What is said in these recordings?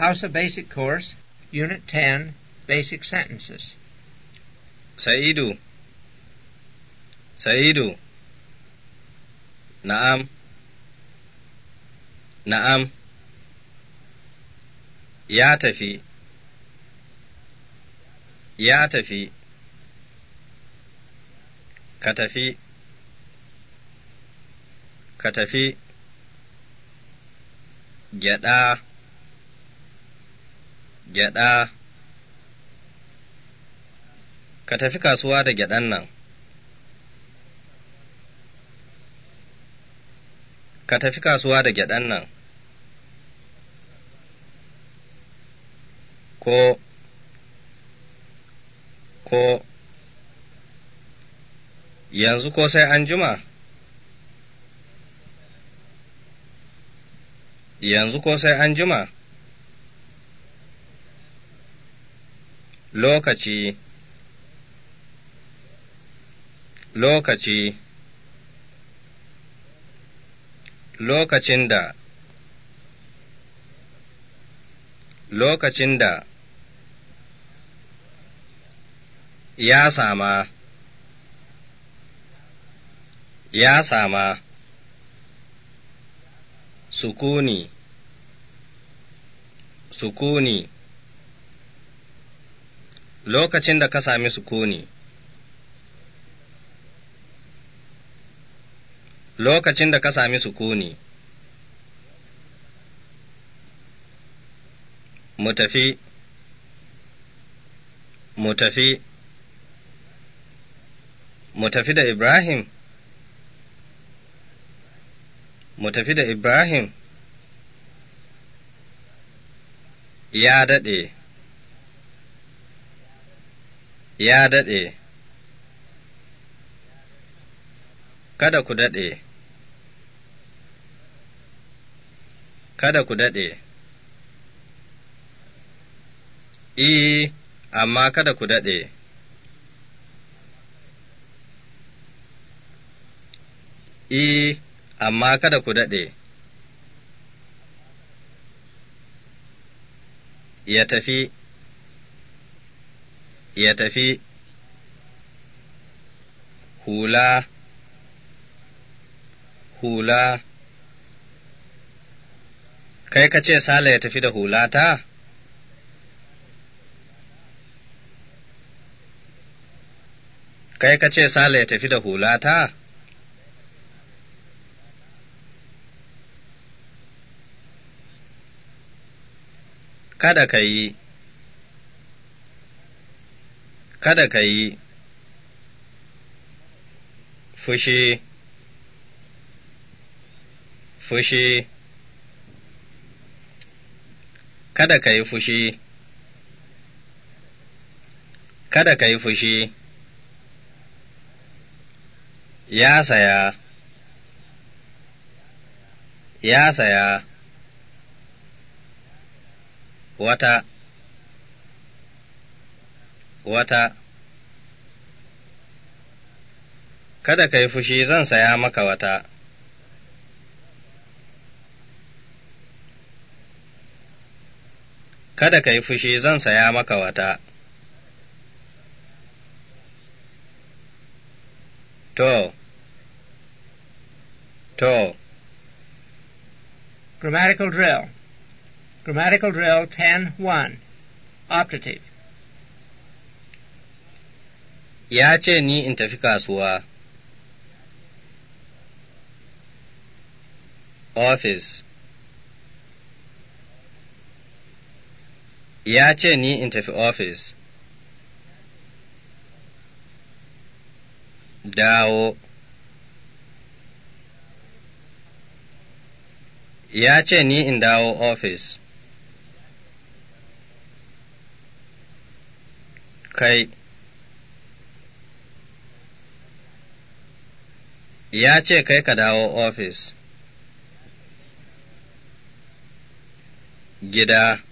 House of Basic Course, Unit 10, Basic Sentences. Sa'idu. Sa'idu. Na'am. Na'am. Ya tafi. Ya tafi. Ka tafi. Ka tafi. Gyaɗa. gyaɗa ka tafi kasuwa da gyaɗan nan ka tafi kasuwa da gyaɗan nan ko ko yanzu ko sai an juma yanzu ko sai an juma lokaci lokaci lokacin da lokacin da ya sama ya sama sukuni sukuni lokacin da ka sami kone. lokacin da ka sami kone. mu tafi mu tafi mu tafi da ibrahim mu tafi da ibrahim ya daɗe ya daɗe, kada ku daɗe, kada ku daɗe, I, amma kada ku daɗe. I, amma kada ku daɗe. Ya tafi. ya tafi hula hula kai ka ce sale ya tafi da hula ta? kai ka ce sale ya tafi da hula ta? kada ka yi kada ka yi fushi, fushi, kada ka yi fushi, kada ka yi fushi, ya saya, ya saya, wata. wata, kada ka yi fushi zan saya maka wata. Kada ka yi fushi zan saya maka wata. To, to. Grammatical drill. Grammatical drill 10 1. Optative. ya ce ni in tafi kasuwa. Office Ya ce ni in tafi office. Dawo Ya ce ni in dawo office. Kai ya ce kai ka dawo ofis. Gida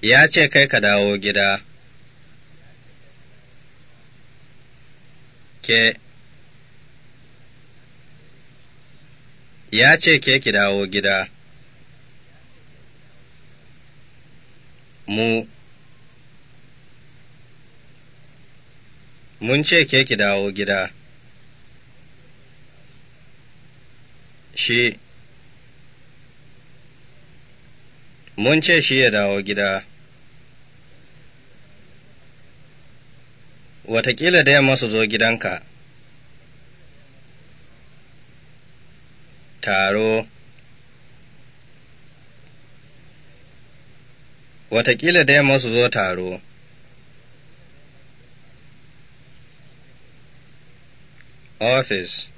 Ya ce kai ka dawo gida. Ke Ya ce ke ki dawo gida. Mu mun ce ke ki dawo gida. Shi Mun ce shi ya dawo gida. Wataƙila da yamma su zo gidanka. Taro Wataƙila da yamma su zo taro. office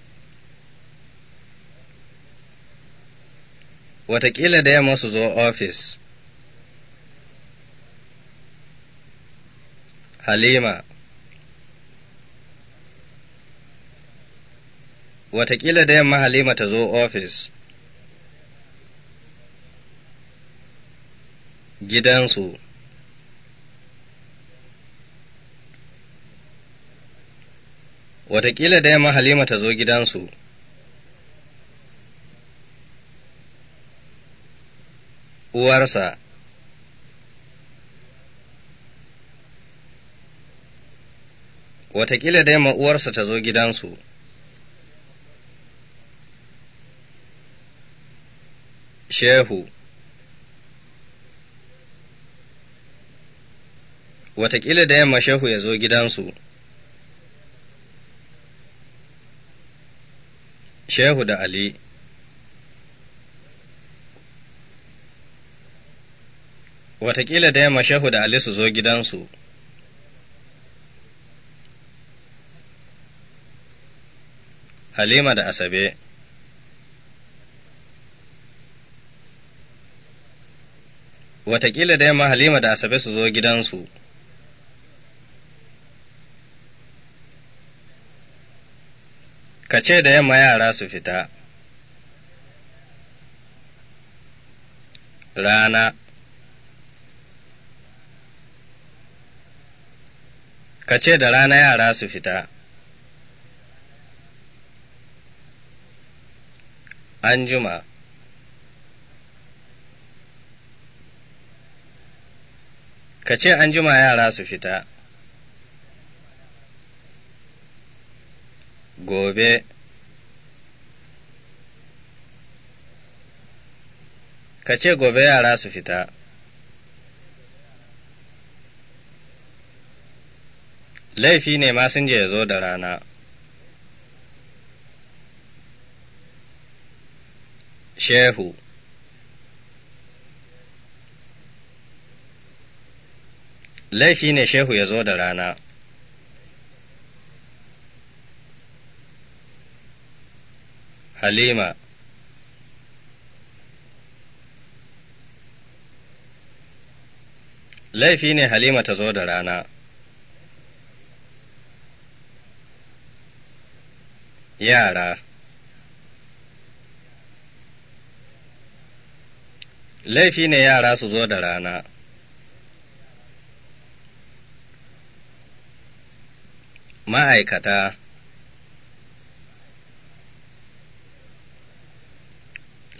Wataƙila da yamma su zo office Halima Wataƙila da yamma Halima ta zo ofis. Gidansu watakila da yamma Halima ta zo gidansu. Uwarsa Wataƙila da yamma uwarsa ta zo gidansu. Shehu Wataƙila da yamma Shehu ya zo gidansu. Shehu da Ali Wataƙila da yamma Shehu da Ali su zo gidansu, Halima da Asabe Wataƙila da yamma Halima da Asabe su zo gidansu. ka ce da yamma yara su fita. Rana Ka ce da rana yara su fita. Anjuma Ka ce anjuma yara su fita. gobe ka ce gobe yara su fita laifi ne masinja ya zo da rana shehu laifi ne shehu ya zo da rana halima laifi ne halima ta zo da rana yara laifi ne yara su zo da rana ma'aikata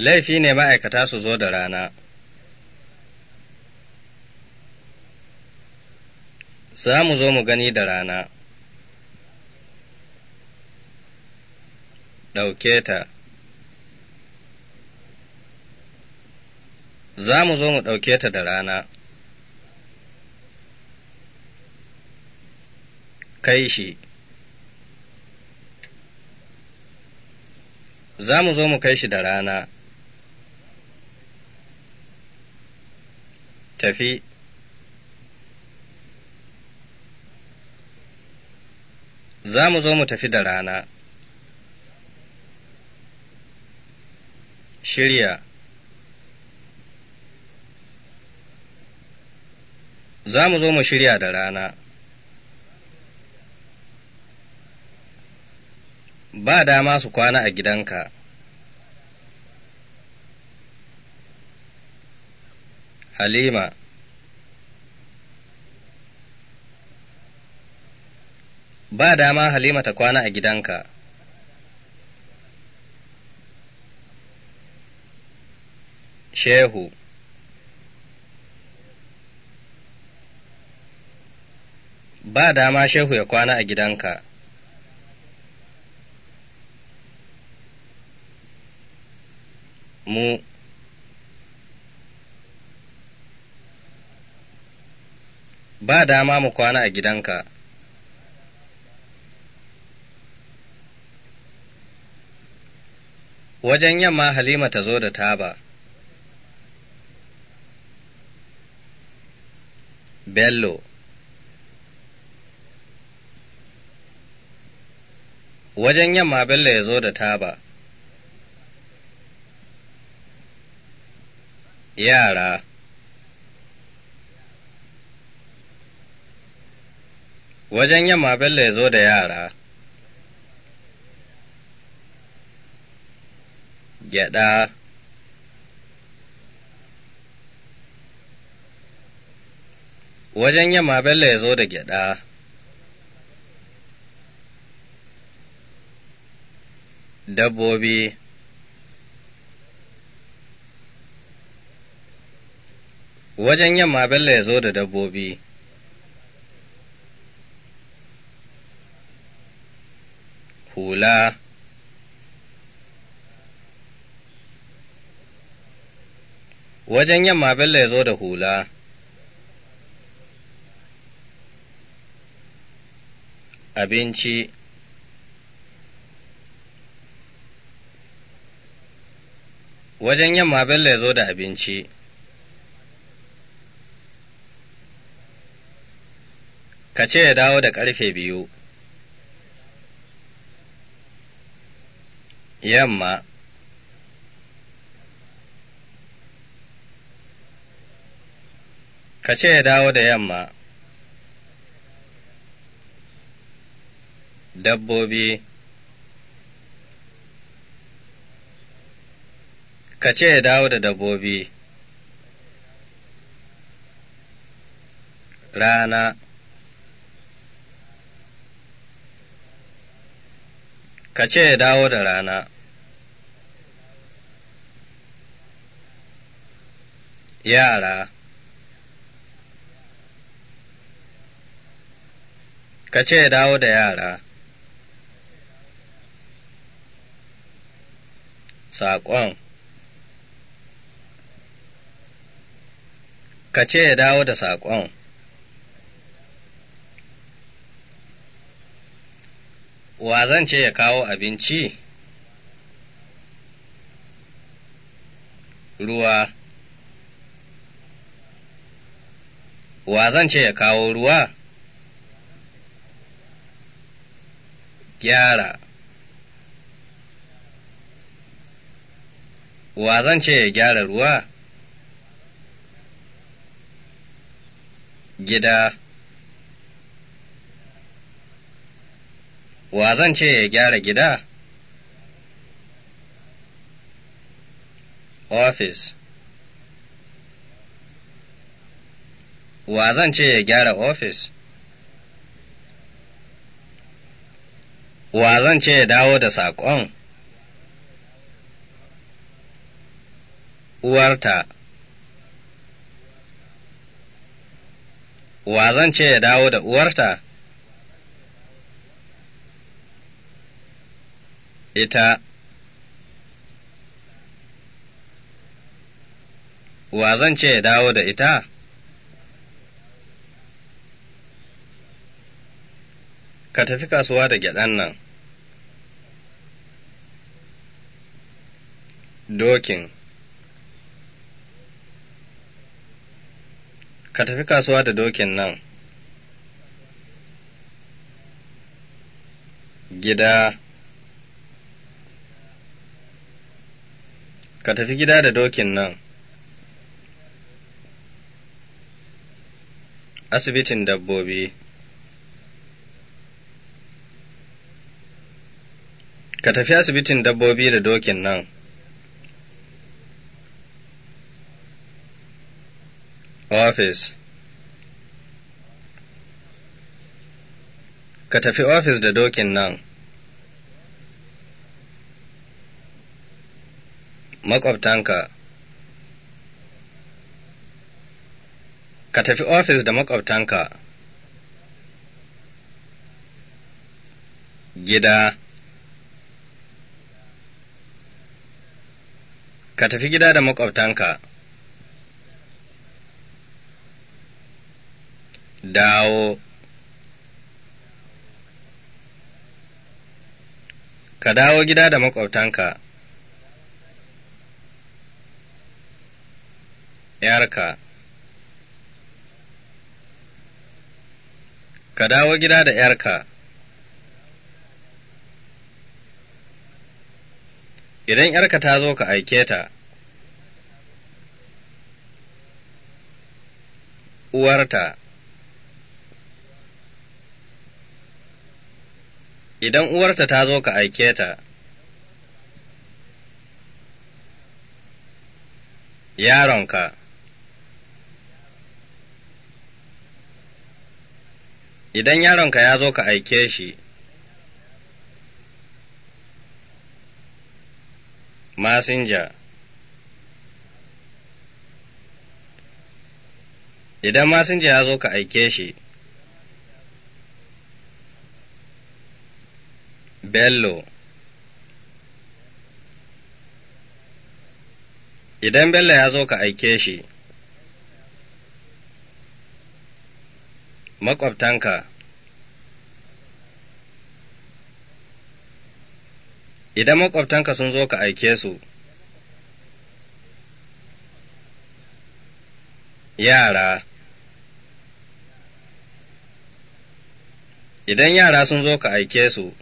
laifi ne ma'aikata su zo da rana. Za mu zo mu gani da rana. Ɗauke ta Za mu zo mu ɗauke ta da rana. Kai shi Za mu zo mu kai shi da rana. tafi za mu zo mu tafi da rana shirya za mu zo mu shirya da rana ba dama su kwana a gidanka halima ba dama halima ta kwana a gidanka shehu ba dama shehu ya kwana a gidanka mu ba dama mu kwana a gidanka. Wajen yamma Halima ta zo da taba. Bello Wajen yamma Bello ya zo da taba. Yara wajen yamma Bello ya zo da yara. Gyaɗa Wajen yamma Bello ya zo da gyaɗa. Dabbobi Wajen yamma Bello ya zo da dabbobi. hula wajen yamma Bello ya zo da hula abinci wajen yamma Bello ya zo da abinci ka ce ya dawo da karfe biyu yamma ka ce ya dawo da yamma dabbobi ka ce ya dawo da dabbobi rana ka ce ya dawo da rana yara ka ce dawo da yara saƙon ka ce dawo da saƙon wa zan ce ya kawo abinci ruwa wa zan ce ya kawo ruwa? Gyara Wa zan ce ya gyara ruwa? Gida Wa zan ce ya gyara gida? Office wa zan ce ya gyara ofis wa zan ce ya dawo da saƙon uwarta wa zan ce ya dawo da uwarta ita wa zan ce ya dawo da ita Ka tafi kasuwa da gyaɗan nan. Dokin Ka tafi kasuwa da dokin nan. Gida Ka tafi gida da dokin nan. Asibitin dabbobi ka tafi asibitin dabbobi da dokin nan. Office Ka tafi ofis da dokin nan. Maƙwabtanka Ka tafi ofis da maƙwabtanka. Gida ka tafi gida da maƙwabtanka. Dawo Ka dawo gida da maƙwabtanka, ’yarka, ka dawo gida da ’yarka. idan ‘yarka ta zo ka aike ta, uwarta, idan uwarta ta zo ka aike ta, yaronka, idan yaronka ya zo ka aike shi, masinja idan masinja ya zo ka aike shi bello idan bello ya zo ka aike shi maƙwabtanka idan makwabtanka sun zo ka aike su, yara Idan yara sun zo ka aike su,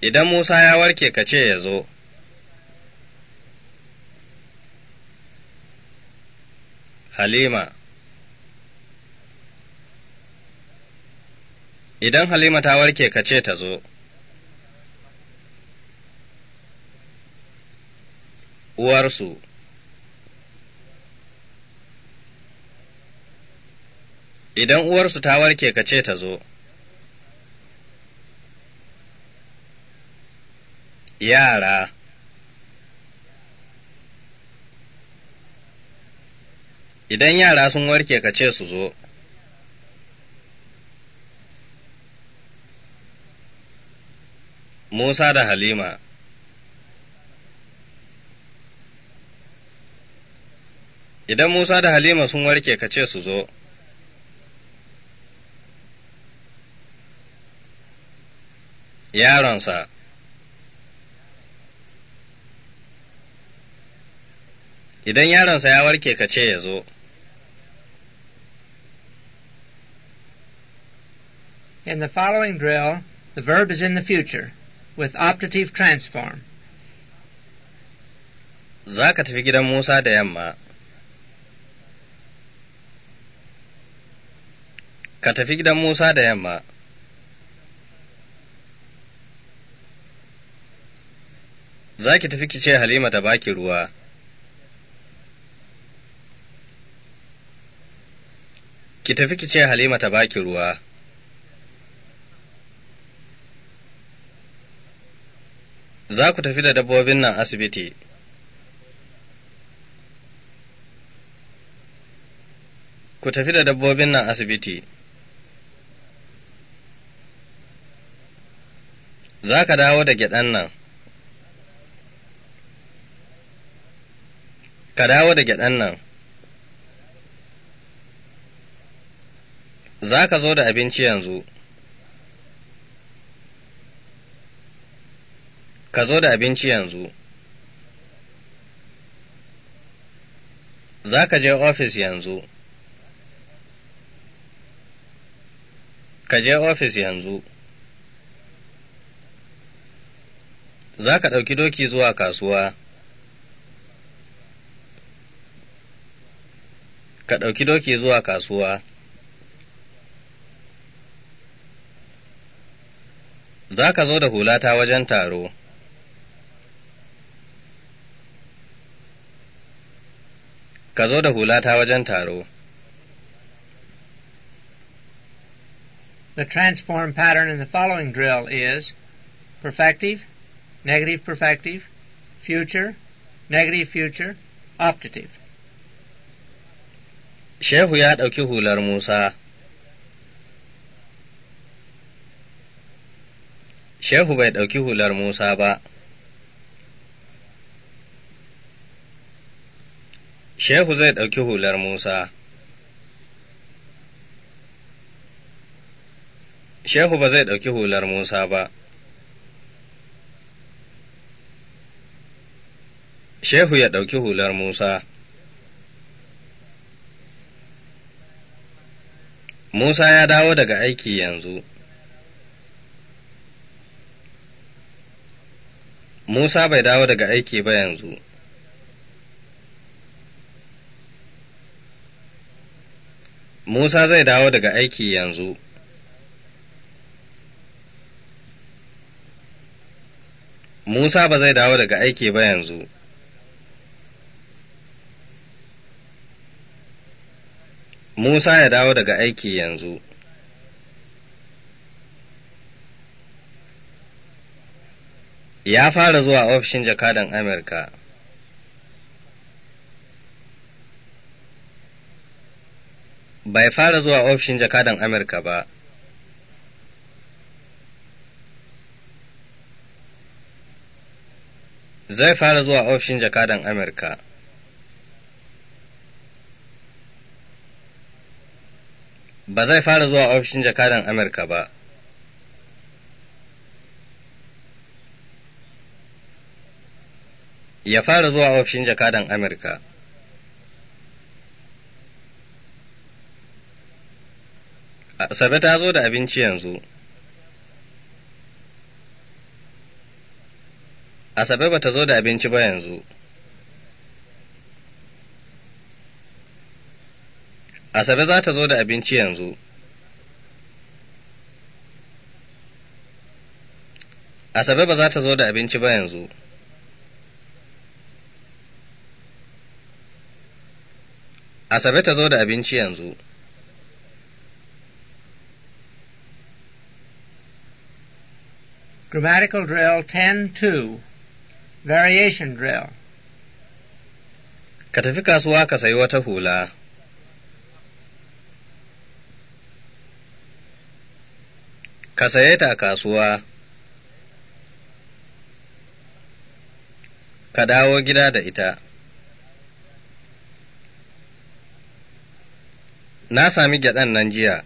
idan Musa ya warke ka ce ya zo, Halima Idan Halima ta warke ka ce ta zo. Uwarsu Idan uwarsu ta warke ka ce ta zo. Yara Idan yara sun warke ka ce su zo. Musa da Halima Idan Musa da Halima sun warke ka ce su zo, yaronsa Idan yaronsa ya warke ka ce ya zo, In the following drill, the verb is in the future. with optative transform. Za ka tafi gidan Musa da yamma. Ka tafi gidan Musa da yamma. Za ki tafi ki ce Halima ta baki ruwa. Ki tafi ki ce Halima ta baki ruwa. za ku tafi da dabbobin nan asibiti. Ku tafi da dabbobin nan asibiti. Za ka dawo da gyaɗan nan. Ka dawo da gyaɗan nan. Za ka zo da abinci yanzu. Ka zo da abinci yanzu. Za ka je ofis yanzu. Ka je ofis yanzu. Za ka ɗauki doki zuwa kasuwa. Ka ɗauki doki zuwa kasuwa. Za ka zo da hulata wajen taro. ka zo da hulata wajen taro. The transform pattern in the following drill is perfective, negative perfective, future, negative future, optative. Shehu ya ɗauki hular Musa. Shehu bai ɗauki hular Musa ba. Shehu zai ɗauki hular Musa Shehu ba zai ɗauki hular Musa ba Shehu ya ɗauki hular Musa Musa ya dawo daga aiki yanzu Musa bai dawo daga aiki ba yanzu. Musa zai dawo daga aiki yanzu. Musa ba zai dawo daga aiki ba yanzu. Musa ya dawo daga aiki yanzu. Ya fara zuwa ofishin jakadan Amurka. bai fara zuwa ofishin jakadan Amurka ba. Zai fara zuwa ofishin jakadan Amurka. Ba zai fara zuwa ofishin jakadan Amurka ba. Ya fara zuwa ofishin jakadan Amurka. Asabe ta zo da abinci yanzu. Asabe ba ta zo da abinci ba yanzu. Asabe za ta zo da abinci yanzu. Asabe ba za ta zo da abinci ba yanzu. Asabe ta zo da abinci yanzu. Grammatical Drill 10-2 Variation Drill Ka tafi kasuwa ka sayi wata hula. Ka saye ta kasuwa. Ka dawo gida da ita. Na sami gyaɗan nan jiya.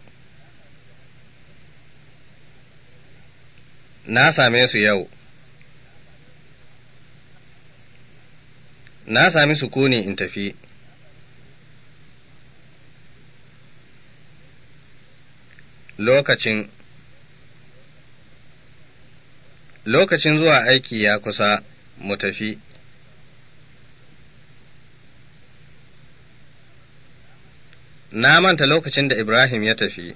na same su yau na sami sukuni in tafi lokacin lokacin zuwa aiki ya kusa mu tafi na manta lokacin da Ibrahim ya tafi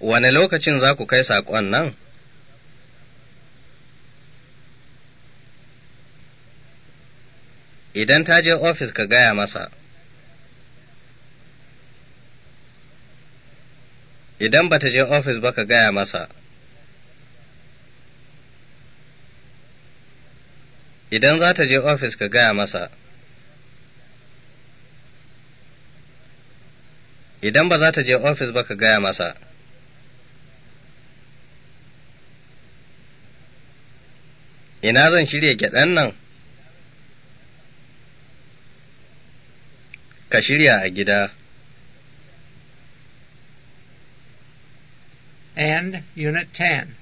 wane lokacin za ku kai saƙon nan? Idan ta je ofis ka gaya masa, idan ba ta je ofis ba ka gaya masa, idan za ta je ofis ka gaya masa, idan ba za ta je ofis ba ka gaya masa. ina zan shirya gyaɗan nan? Ka shirya a gida. And Unit 10.